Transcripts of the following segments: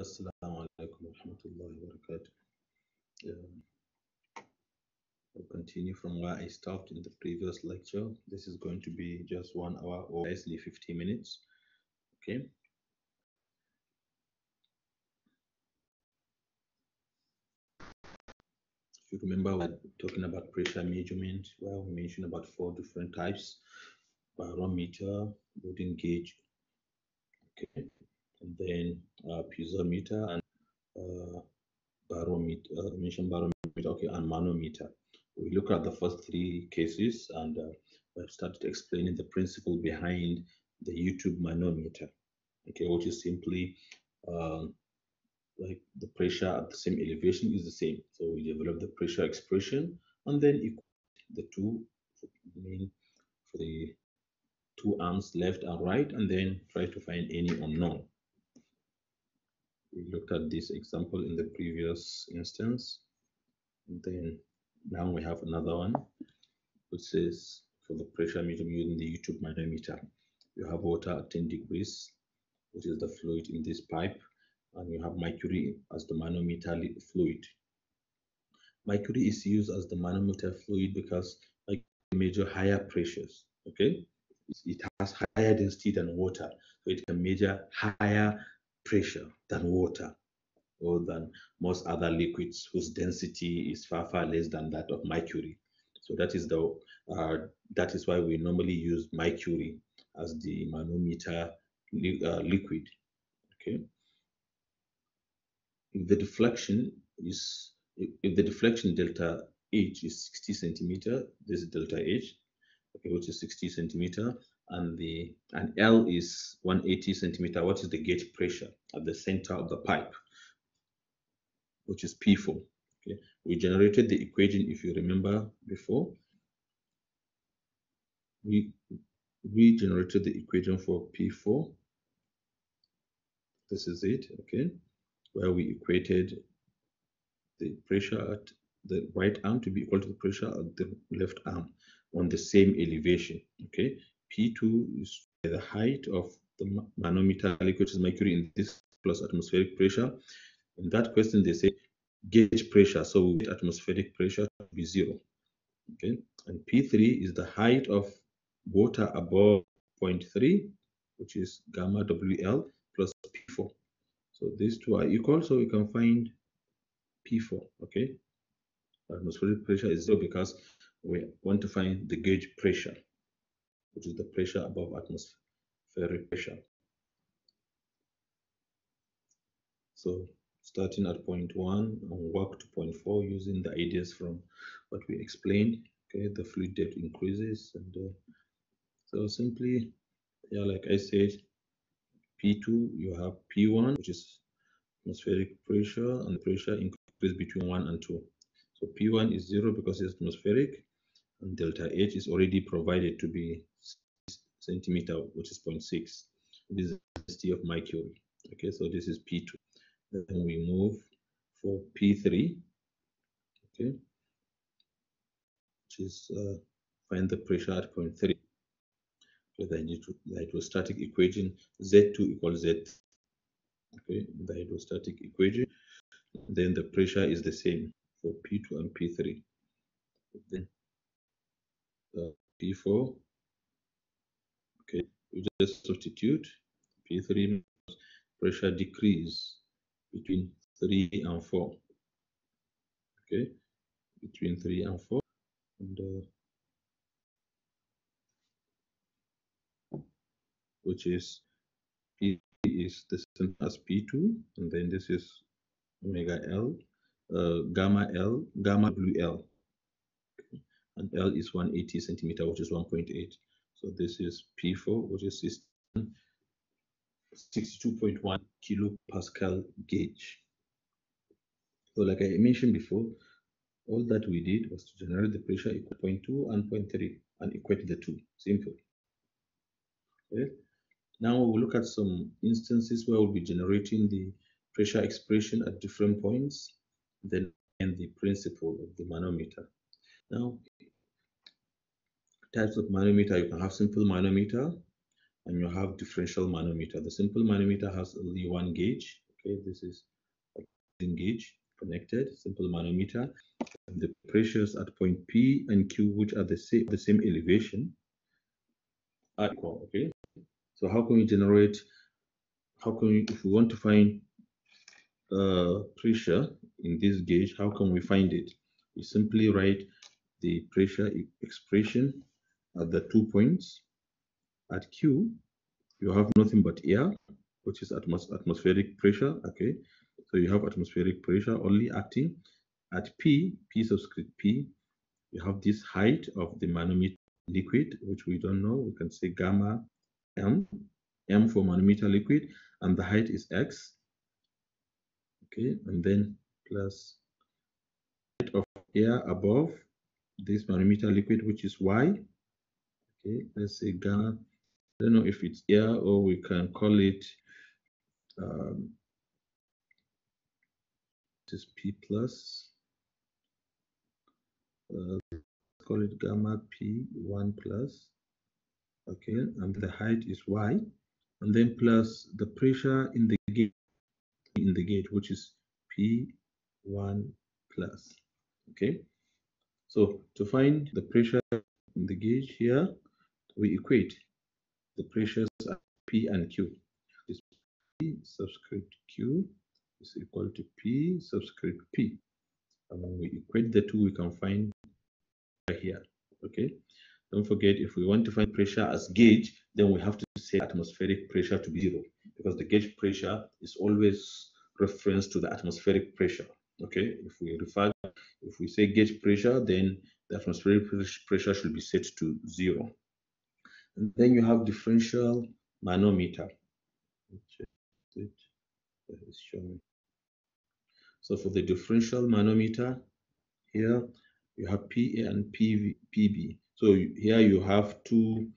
Assalamu alaikum wa rahmatullahi wa barakatuh. Um, we'll continue from where I stopped in the previous lecture. This is going to be just one hour or basically 15 minutes. Okay. If you remember, we're talking about pressure measurement, Well, we mentioned about four different types, barometer, wooden gauge. Okay and then uh, piezometer and uh, barometer, uh, mention barometer, okay, and manometer. We look at the first three cases and uh, I've started explaining the principle behind the YouTube manometer, okay, which is simply uh, like the pressure at the same elevation is the same. So we develop the pressure expression and then equate the two mean for the two arms left and right and then try to find any unknown we looked at this example in the previous instance. And then now we have another one, which says for the pressure meter using the YouTube manometer, you have water at 10 degrees, which is the fluid in this pipe, and you have mercury as the manometer fluid. Mercury is used as the manometer fluid because it measure higher pressures, okay? It has higher density than water, so it can measure higher pressure than water or than most other liquids whose density is far, far less than that of mercury. So that is the uh, that is why we normally use mercury as the manometer li uh, liquid. Okay. If the deflection is if the deflection delta H is 60 centimeter, this is delta H, okay, which is 60 centimeter, and the and L is 180 centimeter. What is the gauge pressure at the center of the pipe, which is P4. Okay, we generated the equation if you remember before. We we generated the equation for P4. This is it, okay, where we equated the pressure at the right arm to be equal to the pressure at the left arm on the same elevation, okay. P2 is the height of the manometer liquid is mercury in this plus atmospheric pressure. In that question, they say gauge pressure, so we get atmospheric pressure to be zero. Okay, and P3 is the height of water above 0.3, which is gamma WL plus P4. So these two are equal, so we can find P4. Okay, atmospheric pressure is zero because we want to find the gauge pressure which is the pressure above atmospheric pressure. So starting at point one and work to point four using the ideas from what we explained. Okay, the fluid depth increases and uh, so simply, yeah, like I said, P2, you have P1, which is atmospheric pressure and pressure increases between one and two. So P1 is zero because it's atmospheric and delta H is already provided to be centimeter, which is 0.6. This is the density of my Okay, so this is P2. Then we move for P3, okay, which is uh, find the pressure at point 0.3. with the hydrostatic equation Z2 equals Z. Okay, the hydrostatic equation. Then the pressure is the same for P2 and P3. Then uh, P4 you just substitute P3 pressure decrease between 3 and 4. Okay, between 3 and 4. And, uh, which is P is the same as P2, and then this is omega L, uh, gamma L, gamma W L. Okay. And L is 180 centimeter, which is 1.8. So this is P4, which is 62.1 kilopascal gauge. So like I mentioned before, all that we did was to generate the pressure equal to 0.2 and 0.3 and equate the two, simple. Okay. Now we'll look at some instances where we'll be generating the pressure expression at different points, then and the principle of the manometer. Now types of manometer. You can have simple manometer and you have differential manometer. The simple manometer has only one gauge. Okay, this is gauge connected, simple manometer. And the pressures at point P and Q, which are the same the same elevation, are equal. Okay. So how can we generate? How can we, if we want to find uh, pressure in this gauge, how can we find it? We simply write the pressure expression at the two points. At Q, you have nothing but air, which is atmos atmospheric pressure. Okay, so you have atmospheric pressure only acting. At P, P subscript P, you have this height of the manometer liquid, which we don't know. We can say gamma M, M for manometer liquid, and the height is X. Okay, and then plus height of air above this manometer liquid, which is Y. Okay, let's say Ghana. I don't know if it's here or we can call it um, P plus. Uh, call it gamma P1 plus. Okay, and the height is Y. And then plus the pressure in the gate in the gate, which is P1 plus. Okay. So to find the pressure in the gauge here, we equate the pressures P and Q. This P subscript Q is equal to P subscript P. And when we equate the two, we can find here. Okay. Don't forget, if we want to find pressure as gauge, then we have to set atmospheric pressure to be zero because the gauge pressure is always reference to the atmospheric pressure. Okay. If we refer, if we say gauge pressure, then the atmospheric pressure should be set to zero. And then you have differential manometer. So for the differential manometer, here you have PA and PV, PB. So here you have two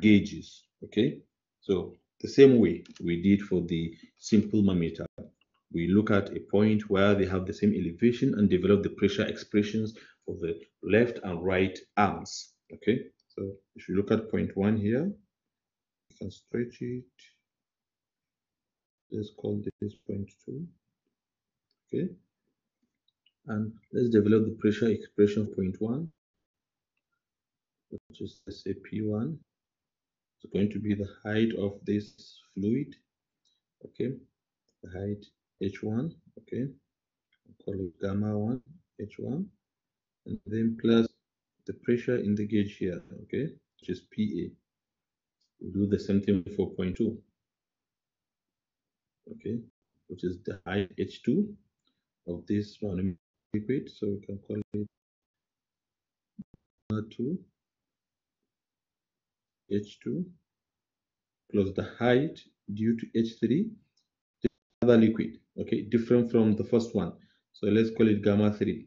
gauges, okay? So the same way we did for the simple manometer. We look at a point where they have the same elevation and develop the pressure expressions for the left and right arms, okay? So if you look at point one here, you can stretch it. Let's call this point two. Okay. And let's develop the pressure expression of point one, which is let's say P1. It's going to be the height of this fluid. Okay. The height H1. Okay. I'll call it gamma one H1. And then plus the pressure in the gauge here, okay, which is PA. Do the same thing for point 2, okay, which is the height H2 of this one liquid. So we can call it R2, H2, plus the height due to H3, the other liquid, okay, different from the first one. So let's call it gamma 3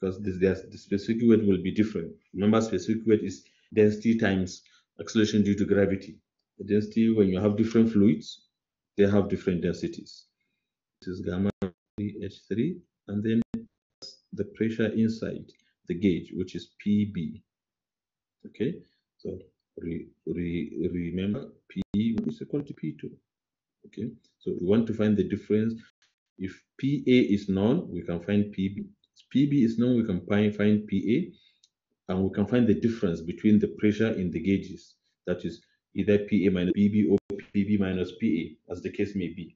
because this, this, the specific weight will be different. Remember, specific weight is density times acceleration due to gravity. The density, when you have different fluids, they have different densities. This is gamma H3, and then the pressure inside the gauge, which is PB. Okay, so re, re, remember p is equal to P2. Okay, so we want to find the difference. If PA is known, we can find PB. PB is known, we can find, PA, and we can find the difference between the pressure in the gauges. That is either PA minus PB or PB minus PA, as the case may be.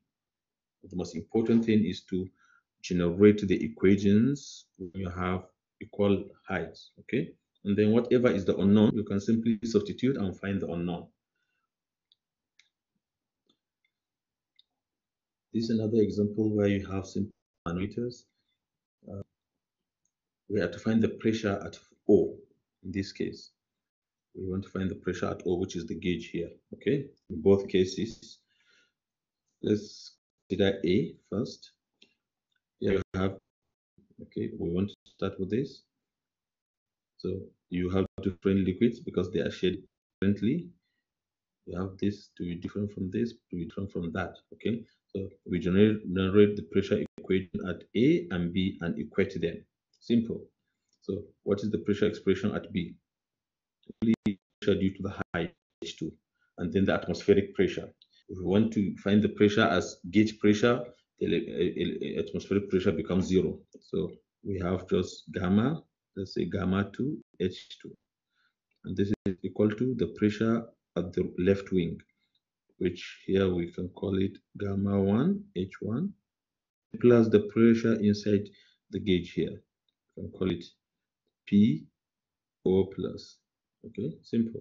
The most important thing is to generate the equations when you have equal heights, okay? And then whatever is the unknown, you can simply substitute and find the unknown. This is another example where you have simple manometers. Uh, we have to find the pressure at O in this case. We want to find the pressure at O, which is the gauge here, okay? In both cases, let's consider A first. Here we have, okay, we want to start with this. So you have different liquids because they are shaded differently. You have this to be different from this, to be different from that, okay? So we generate, generate the pressure equation at A and B and equate them. Simple. So what is the pressure expression at B? Pressure due to the high H2 and then the atmospheric pressure. If we want to find the pressure as gauge pressure, the atmospheric pressure becomes zero. So we have just gamma, let's say gamma 2 H2. And this is equal to the pressure at the left wing, which here we can call it gamma 1 H1 plus the pressure inside the gauge here, can call it P O plus. Okay, simple.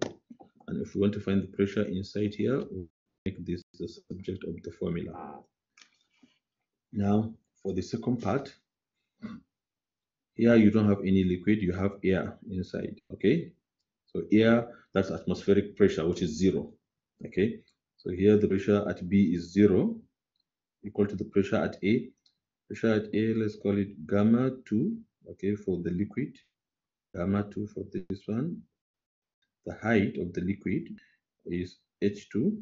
And if we want to find the pressure inside here, we we'll make this the subject of the formula. Now, for the second part, here you don't have any liquid, you have air inside, okay? So air, that's atmospheric pressure, which is zero, okay? So here the pressure at B is zero, equal to the pressure at A. Pressure at A, let's call it gamma 2 okay, for the liquid, gamma 2 for this one. The height of the liquid is H2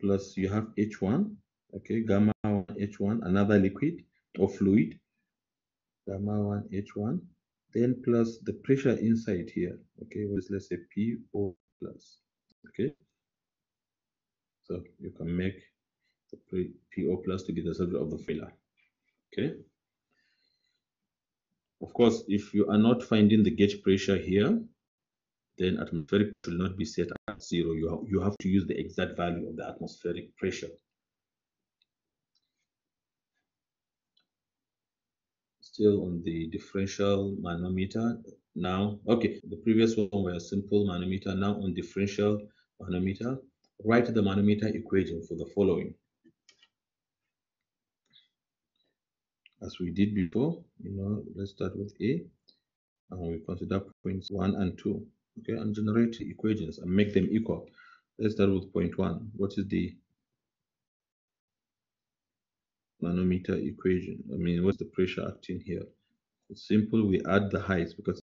plus you have H1, okay, gamma 1 H1, another liquid or fluid, gamma 1 H1, then plus the pressure inside here, okay, was let's say PO plus, okay. So you can make the PO plus to get the subject of the filler, okay. Of course, if you are not finding the gauge pressure here, then atmospheric will not be set at zero. You, ha you have to use the exact value of the atmospheric pressure. Still on the differential manometer now. Okay, the previous one were simple manometer. Now on differential manometer, write the manometer equation for the following. as we did before, you know, let's start with A and we consider points one and two, okay, and generate equations and make them equal. Let's start with point one. What is the manometer equation? I mean, what's the pressure acting here? It's simple, we add the heights because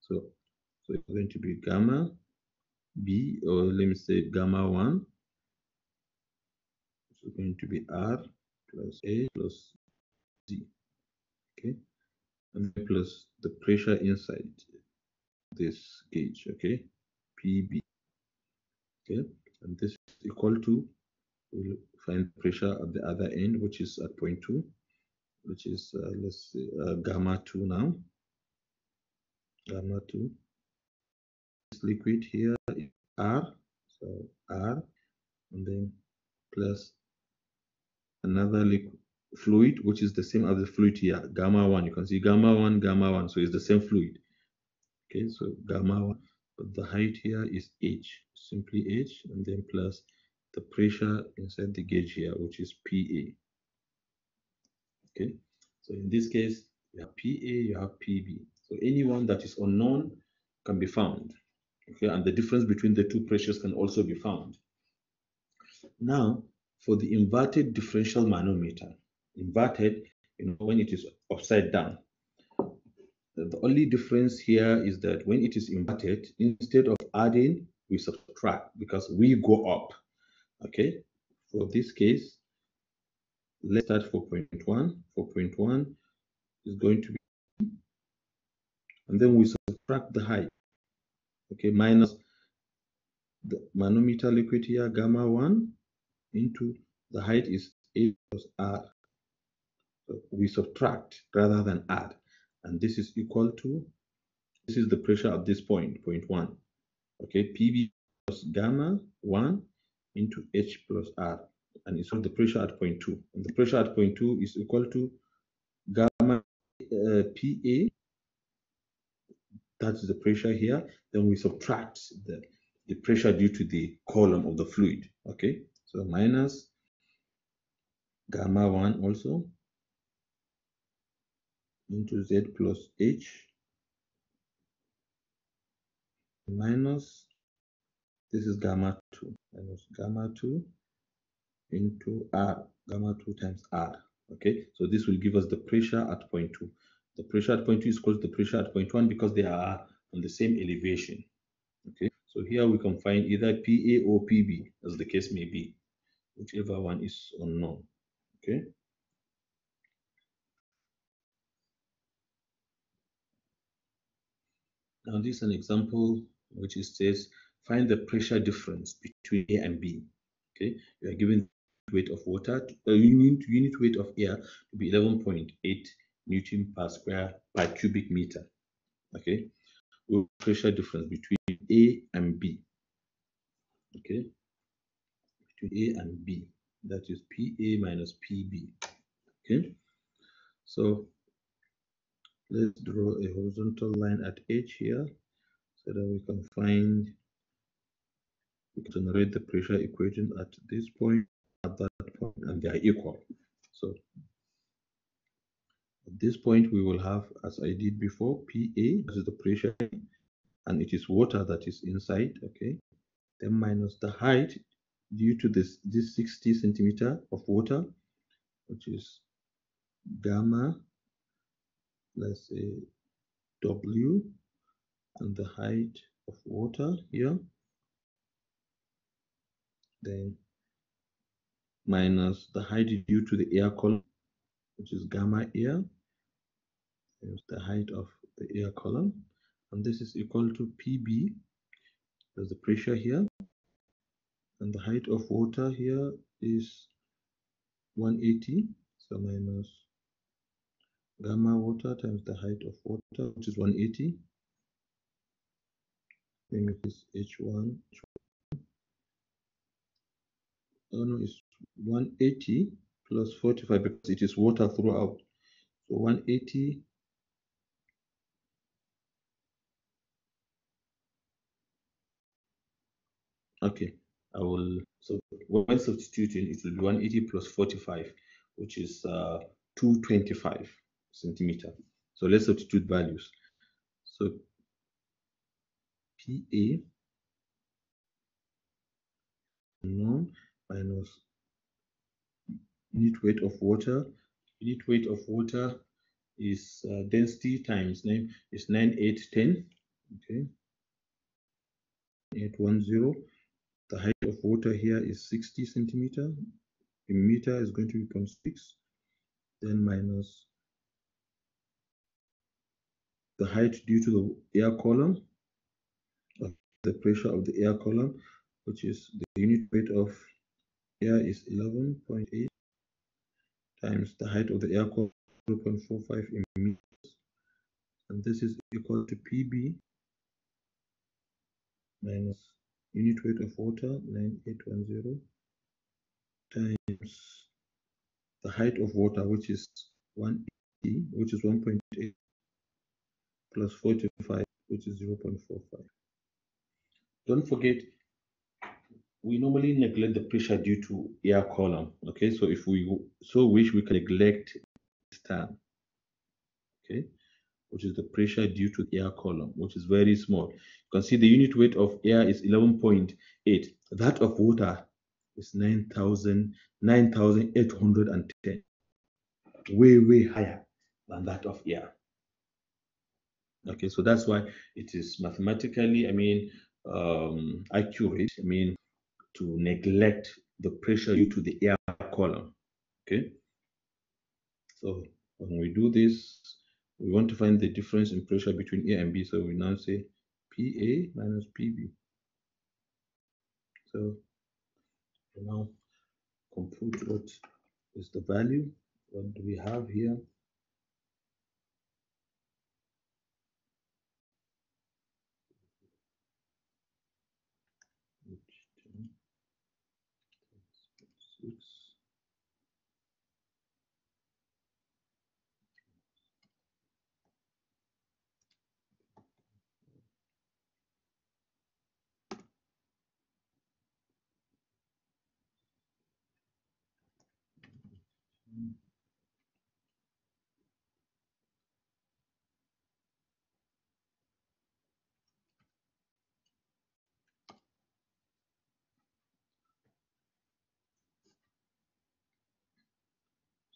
so so it's going to be gamma B or let me say gamma one so going to be r plus a plus z okay and plus the pressure inside this gauge okay pb okay and this is equal to we'll find pressure at the other end which is at point 2 which is uh, let's say uh, gamma 2 now gamma 2 this liquid here is r so r and then plus another liquid fluid, which is the same as the fluid here, gamma 1. You can see gamma 1, gamma 1. So it's the same fluid. Okay, so gamma 1. But the height here is h, simply h, and then plus the pressure inside the gauge here, which is PA. Okay, so in this case, you have PA, you have PB. So anyone that is unknown can be found. Okay, and the difference between the two pressures can also be found. Now, for the inverted differential manometer, inverted, you know, when it is upside down. The only difference here is that when it is inverted, instead of adding, we subtract because we go up. Okay, for this case, let's start 4.1. 4.1 is going to be, and then we subtract the height. Okay, minus the manometer liquid here, gamma 1, into the height is a plus r. So we subtract rather than add. And this is equal to, this is the pressure at this point, point one. Okay, PV plus gamma 1 into H plus R. And it's all the pressure at point two. And the pressure at point two is equal to gamma uh, PA that's the pressure here then we subtract the, the pressure due to the column of the fluid okay so minus gamma 1 also into z plus h minus this is gamma 2 minus gamma 2 into r gamma 2 times r okay so this will give us the pressure at point 2 the pressure at point 2 is equal to the pressure at point 1 because they are on the same elevation okay so here we can find either pa or pb as the case may be whichever one is unknown. Okay. Now this is an example which is says find the pressure difference between A and B. Okay, you are given weight of water, to, uh, unit, unit weight of air to be 11.8 newton per square per cubic meter. Okay, pressure difference between A and B. Okay, to A and B. That is PA minus PB. Okay. So let's draw a horizontal line at H here so that we can find, we can generate the pressure equation at this point, at that point, and they are equal. So at this point, we will have, as I did before, PA, this is the pressure, and it is water that is inside, okay? Then minus the height due to this, this 60 centimeter of water, which is gamma, let's say W, and the height of water here, then minus the height due to the air column, which is gamma air, is the height of the air column, and this is equal to PB, there's the pressure here, and the height of water here is 180 so minus gamma water times the height of water which is 180 we make h1, h1 oh no it's 180 plus 45 because it is water throughout so 180 okay I will, so when substituting, it will be 180 plus 45, which is uh, 225 centimeter. So let's substitute values. So PA known minus unit weight of water. Unit weight of water is uh, density times name is 9810. Okay. 810 the height of water here is 60 centimeter. A meter is going to become 6, then minus the height due to the air column, the pressure of the air column, which is the unit weight of air is 11.8 times the height of the air column, 0.45 meters. And this is equal to PB minus unit weight of water 9810 times the height of water which is 180 which is 1.8 plus 45 which is 0.45 don't forget we normally neglect the pressure due to air column okay so if we so wish we can neglect this term okay which is the pressure due to air column, which is very small. You can see the unit weight of air is 11.8. That of water is 9,810, 9, way, way higher than that of air. Okay, so that's why it is mathematically, I mean, um, accurate, I mean, to neglect the pressure due to the air column. Okay, so when we do this, we want to find the difference in pressure between A and B. So we now say PA minus PB. So now compute what is the value, what do we have here?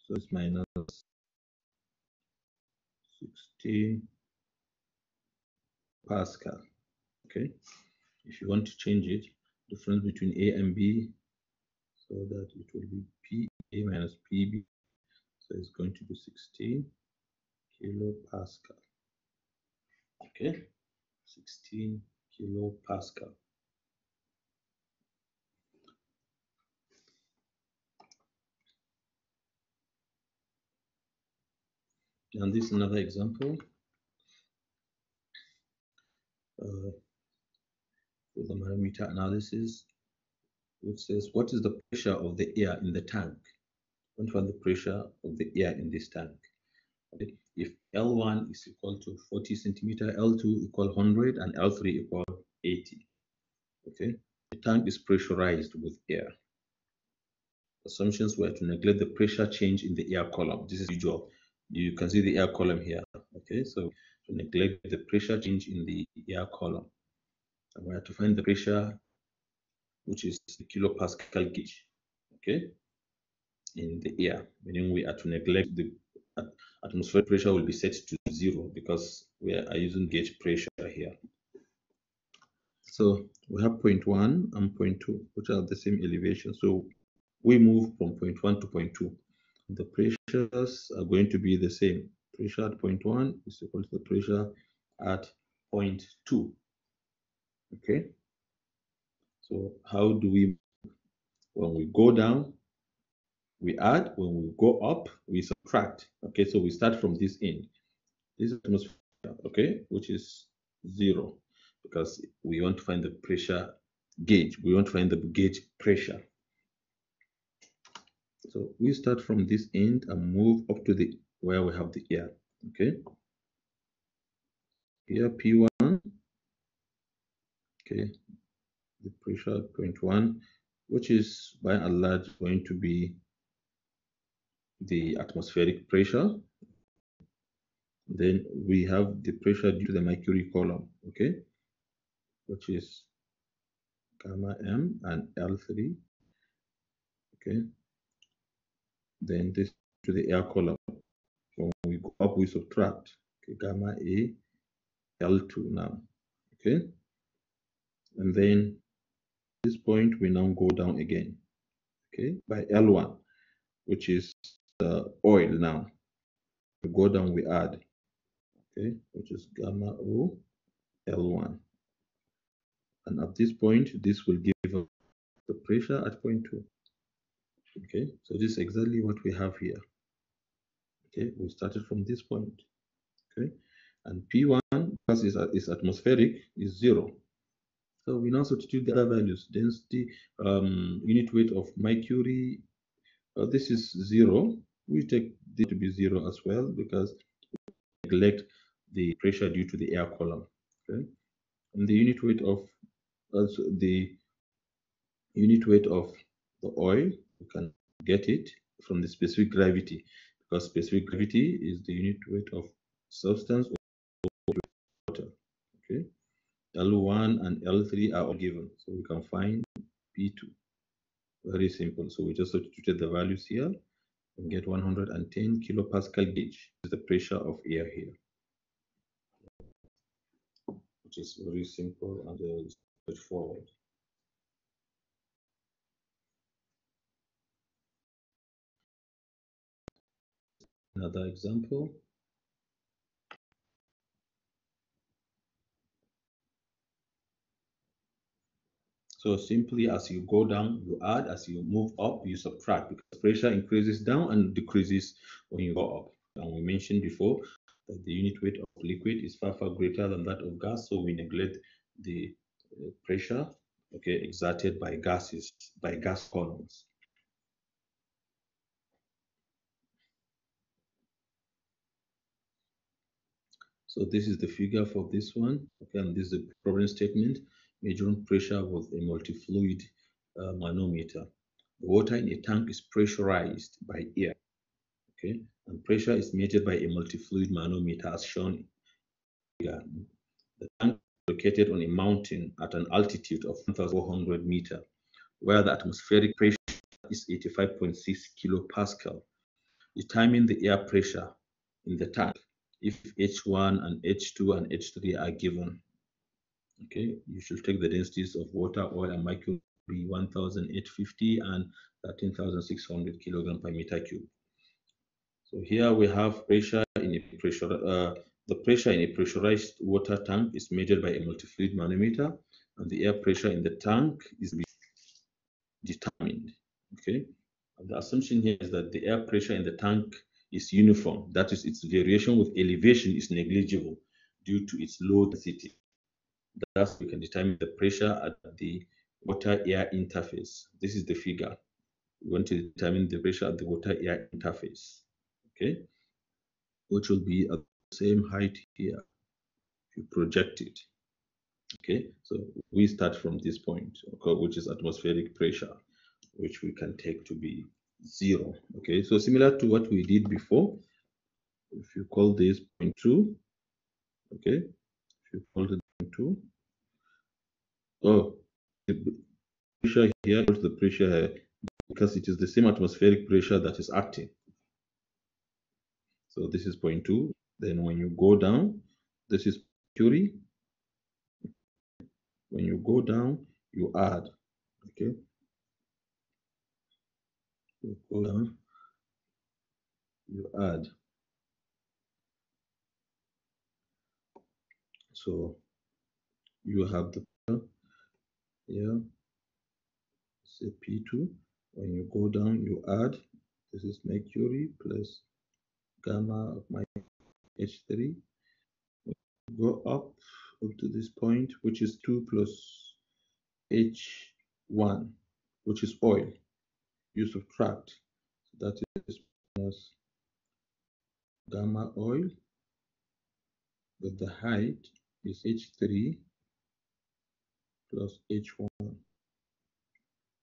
So it's minus 60 Pascal. Okay. If you want to change it, difference between A and B, so that it will be a minus PB. So it's going to be 16 kilopascal. Okay, 16 kilopascal. And this is another example uh, for the manometer analysis, which says, what is the pressure of the air in the tank? want the pressure of the air in this tank. Okay. If L1 is equal to 40 centimeter, L2 equal 100, and L3 equal 80. Okay, the tank is pressurized with air. Assumptions were to neglect the pressure change in the air column. This is usual. You can see the air column here. Okay, so to neglect the pressure change in the air column. And we have to find the pressure, which is the kilopascal gauge. Okay in the air, meaning we are to neglect the atmospheric pressure will be set to zero because we are using gauge pressure here. So we have point one and point two, which are the same elevation. So we move from point one to point two. The pressures are going to be the same. Pressure at point one is equal to the pressure at point two. Okay. So how do we, when we go down, we add, when we go up, we subtract. Okay, so we start from this end. This is atmosphere, okay, which is zero because we want to find the pressure gauge. We want to find the gauge pressure. So we start from this end and move up to the where we have the air. Okay. Here P1. Okay. The pressure one, which is by and large going to be the atmospheric pressure. Then we have the pressure due to the mercury column, okay, which is gamma M and L3, okay. Then this to the air column. When we go up, we subtract okay, gamma A, L2 now, okay. And then this point, we now go down again, okay, by L1, which is the oil now. We go down, we add, okay, which is gamma O L1. And at this point, this will give us the pressure at point two. Okay, so this is exactly what we have here. Okay, we started from this point. Okay, and P1 because it's, atmospheric is zero. So we now substitute the other values, density, um, unit weight of mercury. Uh, this is zero we take this to be zero as well because we neglect the pressure due to the air column. Okay? And the unit weight of also the unit weight of the oil, you can get it from the specific gravity because specific gravity is the unit weight of substance or water. Okay, L1 and L3 are all given, so we can find P2. Very simple. So we just substituted the values here get 110 kilopascal gauge is the pressure of air here which is very simple and uh, straightforward another example So simply as you go down, you add, as you move up, you subtract because pressure increases down and decreases when you go up. And we mentioned before that the unit weight of liquid is far, far greater than that of gas. So we neglect the uh, pressure okay, exerted by gases, by gas columns. So this is the figure for this one. Okay, and this is the problem statement measuring pressure with a multi-fluid uh, manometer. The water in a tank is pressurized by air, okay? And pressure is measured by a multi-fluid manometer as shown here. The tank is located on a mountain at an altitude of 1,400 meter, where the atmospheric pressure is 85.6 kilopascal. Determine the air pressure in the tank if H1 and H2 and H3 are given okay you should take the densities of water oil and mercury 1850 and 13600 kilogram per meter cube so here we have pressure in a pressure uh, the pressure in a pressurized water tank is measured by a multi-fluid manometer and the air pressure in the tank is determined okay and the assumption here is that the air pressure in the tank is uniform that is its variation with elevation is negligible due to its low density Thus, we can determine the pressure at the water-air interface. This is the figure. We want to determine the pressure at the water-air interface, okay? Which will be at the same height here if you project it, okay? So we start from this point, okay, which is atmospheric pressure, which we can take to be zero, okay? So similar to what we did before, if you call this point two, okay? If you call Oh, the pressure here the pressure here because it is the same atmospheric pressure that is acting. So this is point two. Then when you go down, this is Curie. When you go down, you add. Okay. You go down, you add. So you have the yeah say p2 when you go down you add this is mercury plus gamma of my h3 go up up to this point which is 2 plus h1 which is oil you subtract so that is minus gamma oil but the height is h3 plus H1.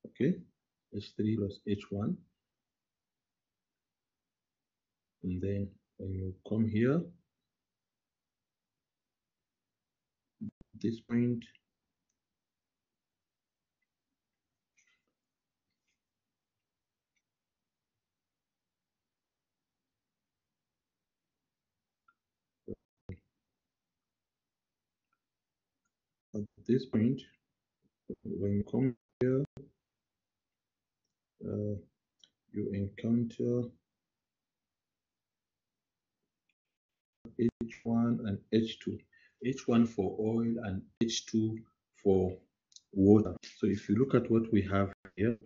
Okay, H3 plus H1. And then when you come here, this point, at this point when you come here, uh, you encounter H1 and H2. H1 for oil and H2 for water. So if you look at what we have here,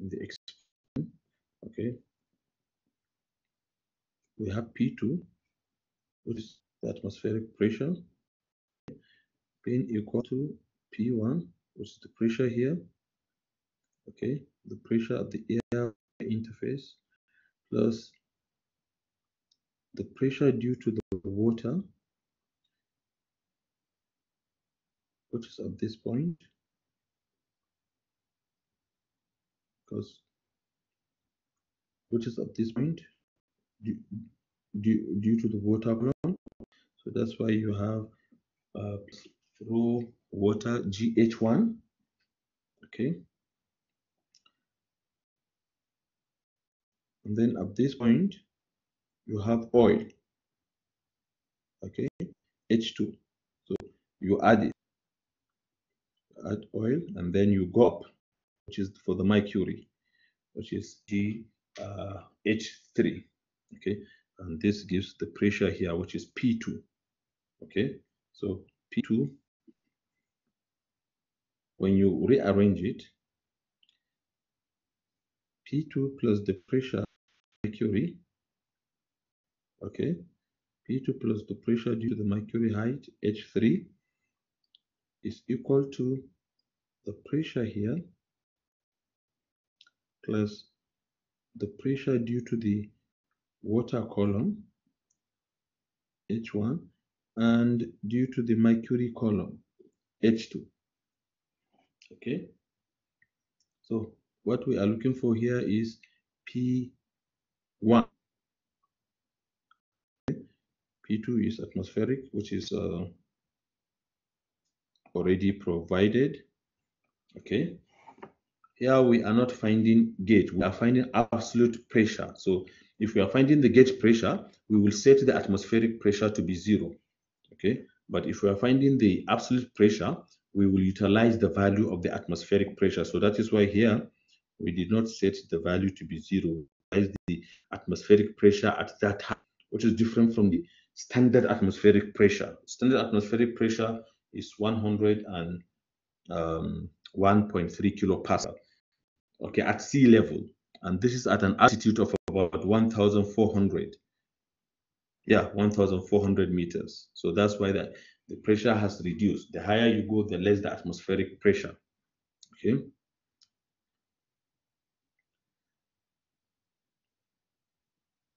in the experiment, okay, we have P2, which is the atmospheric pressure, being equal to P1, which is the pressure here. Okay, the pressure at the air interface plus the pressure due to the water, which is at this point, because which is at this point due, due, due to the water blown. So that's why you have uh, through water GH1. Okay. And then at this point, you have oil. Okay, H2. So you add it. Add oil and then you go up, which is for the mercury, which is G uh, H3. Okay, and this gives the pressure here, which is P2. Okay, so P2 when you rearrange it, P2 plus the pressure mercury, okay, P2 plus the pressure due to the mercury height, H3, is equal to the pressure here plus the pressure due to the water column, H1, and due to the mercury column, H2 okay so what we are looking for here is p1 okay. p2 is atmospheric which is uh, already provided okay here we are not finding gauge we are finding absolute pressure so if we are finding the gauge pressure we will set the atmospheric pressure to be zero okay but if we are finding the absolute pressure we will utilize the value of the atmospheric pressure. So that is why here we did not set the value to be zero as the atmospheric pressure at that time, which is different from the standard atmospheric pressure. Standard atmospheric pressure is 101.3 um, kilopascal, okay, at sea level. And this is at an altitude of about 1,400. Yeah, 1,400 meters. So that's why the the pressure has reduced. The higher you go, the less the atmospheric pressure. Okay.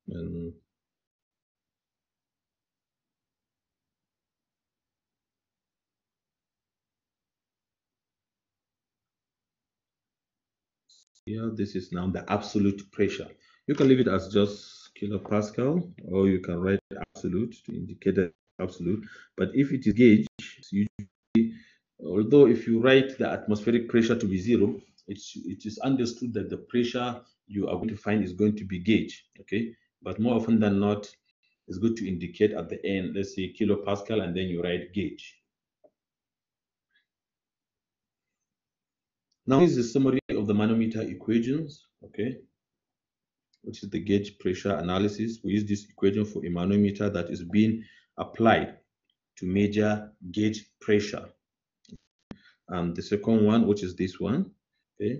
And here, this is now the absolute pressure. You can leave it as just kilopascal, or you can write absolute to indicate that absolute. But if it is gauge, usually, although if you write the atmospheric pressure to be zero, it's, it is understood that the pressure you are going to find is going to be gauge, okay? But more often than not, it's good to indicate at the end, let's say kilopascal, and then you write gauge. Now is the summary of the manometer equations, okay? Which is the gauge pressure analysis. We use this equation for a manometer that is being applied to measure gauge pressure. And um, the second one, which is this one, okay,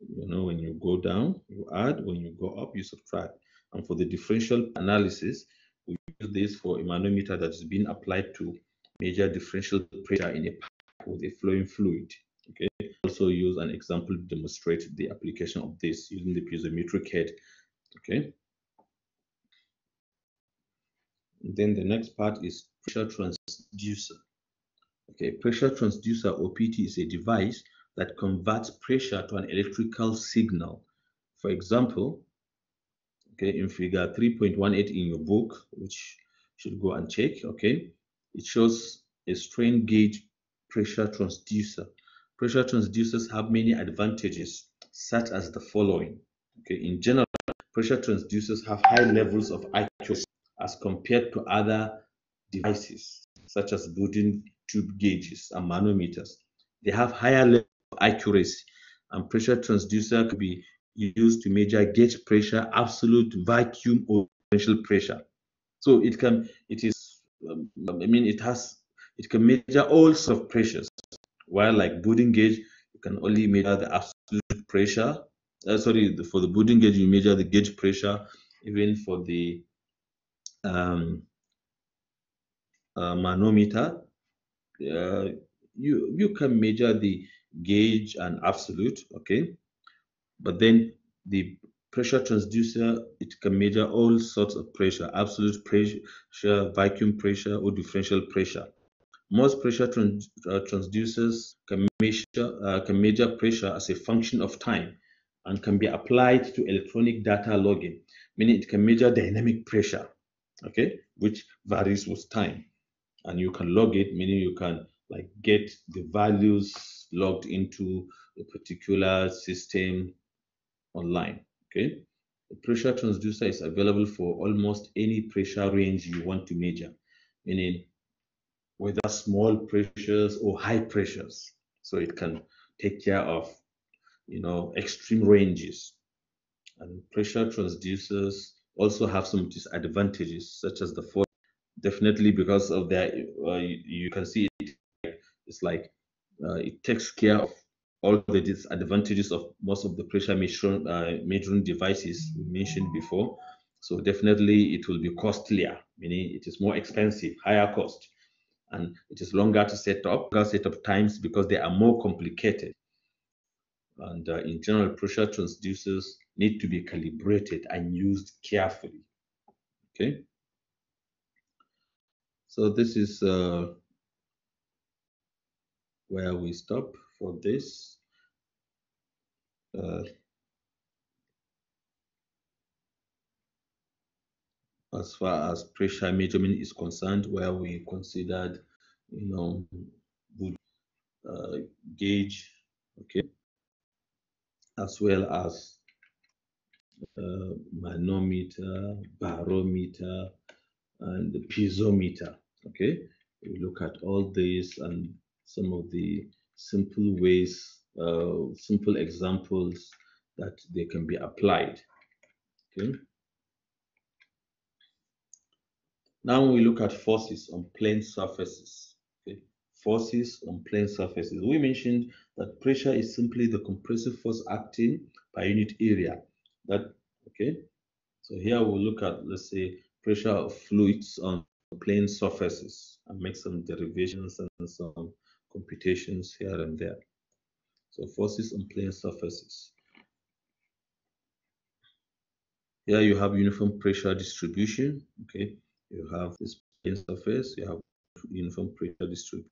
you know, when you go down, you add, when you go up, you subtract. And for the differential analysis, we use this for a manometer that is being applied to measure differential pressure in a pipe with a flowing fluid. Okay, also use an example to demonstrate the application of this using the piezometric head. Okay then the next part is pressure transducer. Okay, pressure transducer or PT is a device that converts pressure to an electrical signal. For example, okay, in figure 3.18 in your book, which should go and check, okay, it shows a strain gauge pressure transducer. Pressure transducers have many advantages, such as the following. Okay, in general, pressure transducers have high levels of accuracy as compared to other devices, such as building tube gauges and manometers. They have higher level of accuracy, and pressure transducer could be used to measure gauge pressure, absolute vacuum, or potential pressure. So it can, it is, um, I mean, it has, it can measure all sorts of pressures. While like building gauge, you can only measure the absolute pressure. Uh, sorry, for the building gauge, you measure the gauge pressure. Even for the um, uh, manometer, uh, you you can measure the gauge and absolute, okay? But then the pressure transducer, it can measure all sorts of pressure, absolute pressure, vacuum pressure, or differential pressure. Most pressure trans uh, transducers can measure uh, can measure pressure as a function of time and can be applied to electronic data logging, meaning it can measure dynamic pressure okay, which varies with time. And you can log it, meaning you can like get the values logged into a particular system online, okay? The pressure transducer is available for almost any pressure range you want to measure, meaning whether small pressures or high pressures. So it can take care of, you know, extreme ranges. And pressure transducers also have some disadvantages, such as the fall. Definitely, because of that, uh, you, you, can see it. It's like uh, it takes care of all the disadvantages of most of the pressure measuring, uh, measuring devices we mentioned before. So definitely, it will be costlier, meaning it is more expensive, higher cost, and it is longer to set up. Longer setup times because they are more complicated. And uh, in general, pressure transducers need to be calibrated and used carefully. Okay. So this is uh, where we stop for this. Uh, as far as pressure measurement is concerned, where we considered, you know, would uh, gauge, okay, as well as uh, manometer, barometer, and the piezometer. Okay, we look at all these and some of the simple ways, uh, simple examples that they can be applied. Okay. Now we look at forces on plane surfaces forces on plane surfaces. We mentioned that pressure is simply the compressive force acting by unit area. That okay. So here we'll look at let's say pressure of fluids on plane surfaces and make some derivations and some computations here and there. So forces on plane surfaces. Here you have uniform pressure distribution. Okay, you have this plane surface, you have uniform pressure distribution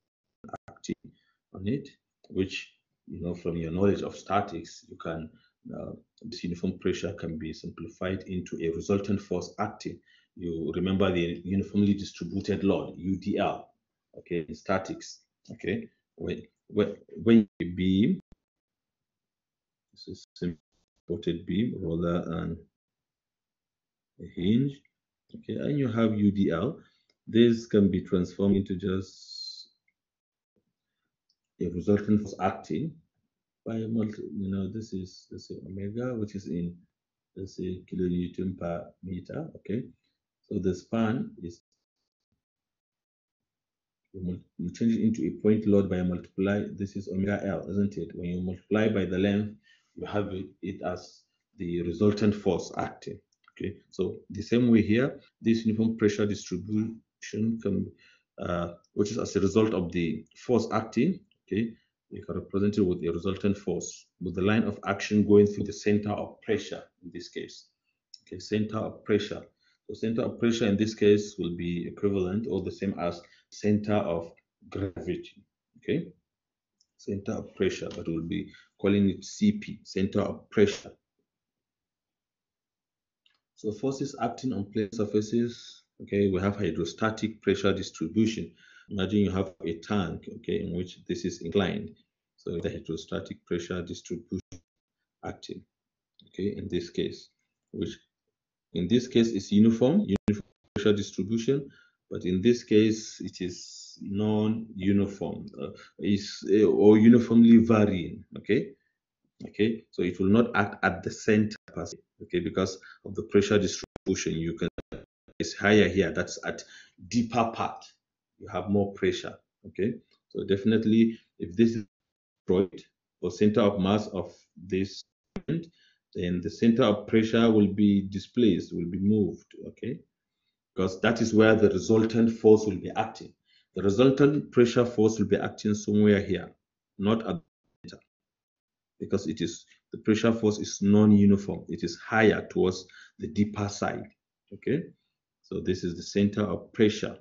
acting on it, which, you know, from your knowledge of statics, you can, uh, this uniform pressure can be simplified into a resultant force acting. You remember the uniformly distributed load, UDL, okay, in statics, okay? When, when, when you beam, this is supported beam, roller and a hinge, okay, and you have UDL, this can be transformed into just the resultant force acting by multi, you know, this is let's say omega, which is in let's say kilonewton per meter. Okay, so the span is you change it into a point load by a multiply. This is omega L, isn't it? When you multiply by the length, you have it as the resultant force acting. Okay, so the same way here, this uniform pressure distribution can, uh, which is as a result of the force acting, okay, you can represent it with a resultant force, with the line of action going through the center of pressure in this case. Okay, center of pressure. So center of pressure in this case will be equivalent or the same as center of gravity. Okay, center of pressure, but we'll be calling it CP, center of pressure. So forces acting on plane surfaces, okay, we have hydrostatic pressure distribution. Imagine you have a tank, okay, in which this is inclined. So the heterostatic pressure distribution acting, okay, in this case, which in this case is uniform, uniform pressure distribution, but in this case it is non-uniform, uh, is uh, or uniformly varying, okay? Okay, so it will not act at the center, okay, because of the pressure distribution. You can it's higher here, that's at deeper part, you have more pressure. Okay, so definitely if this is destroyed or center of mass of this, then the center of pressure will be displaced, will be moved. Okay, because that is where the resultant force will be acting. The resultant pressure force will be acting somewhere here, not at the center, because it is the pressure force is non-uniform. It is higher towards the deeper side. Okay, so this is the center of pressure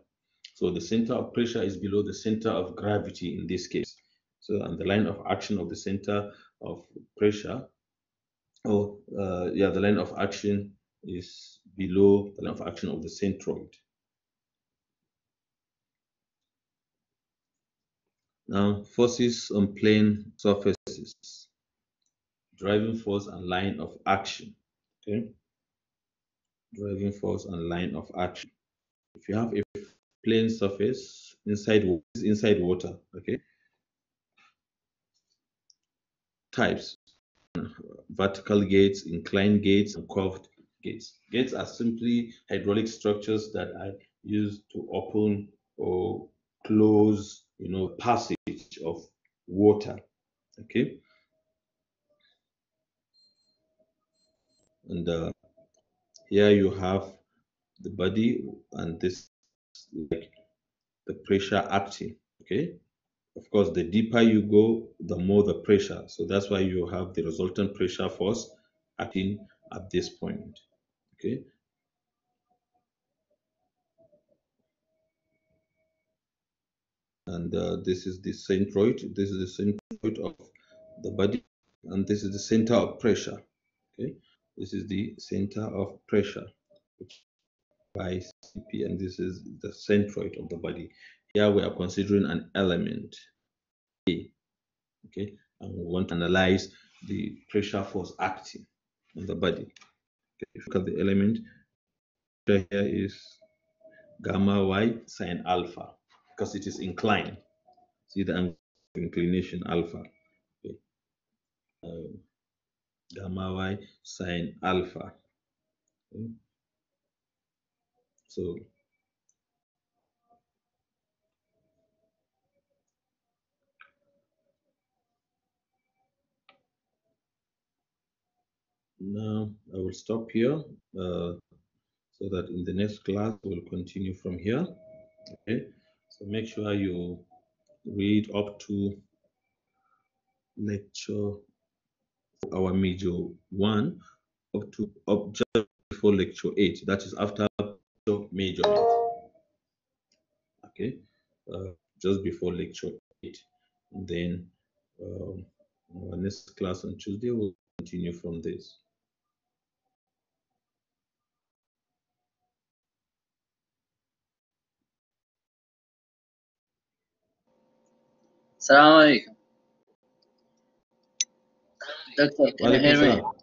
so the center of pressure is below the center of gravity in this case. So and the line of action of the center of pressure, oh, uh, yeah, the line of action is below the line of action of the centroid. Now forces on plane surfaces, driving force and line of action. Okay, driving force and line of action. If you have a plane surface inside inside water okay types vertical gates inclined gates and curved gates gates are simply hydraulic structures that are used to open or close you know passage of water okay and uh, here you have the body and this like the pressure acting. Okay. Of course, the deeper you go, the more the pressure. So that's why you have the resultant pressure force acting at this point. Okay. And uh, this is the centroid. This is the centroid of the body, and this is the center of pressure. Okay, this is the center of pressure by CP, and this is the centroid of the body. Here we are considering an element A, okay, and we want to analyze the pressure force acting on the body. Okay, if you look at the element, here is gamma y sine alpha because it is inclined. See the angle inclination alpha. Okay. Um, gamma y sine alpha. Okay. So now I will stop here uh, so that in the next class we'll continue from here. Okay, so make sure you read up to lecture our major one up to up just before lecture eight. That is after measurement. Okay, uh, just before lecture 8. Then um, next class on Tuesday, we'll continue from this. Assalamu alaikum. Doctor, can you hear me?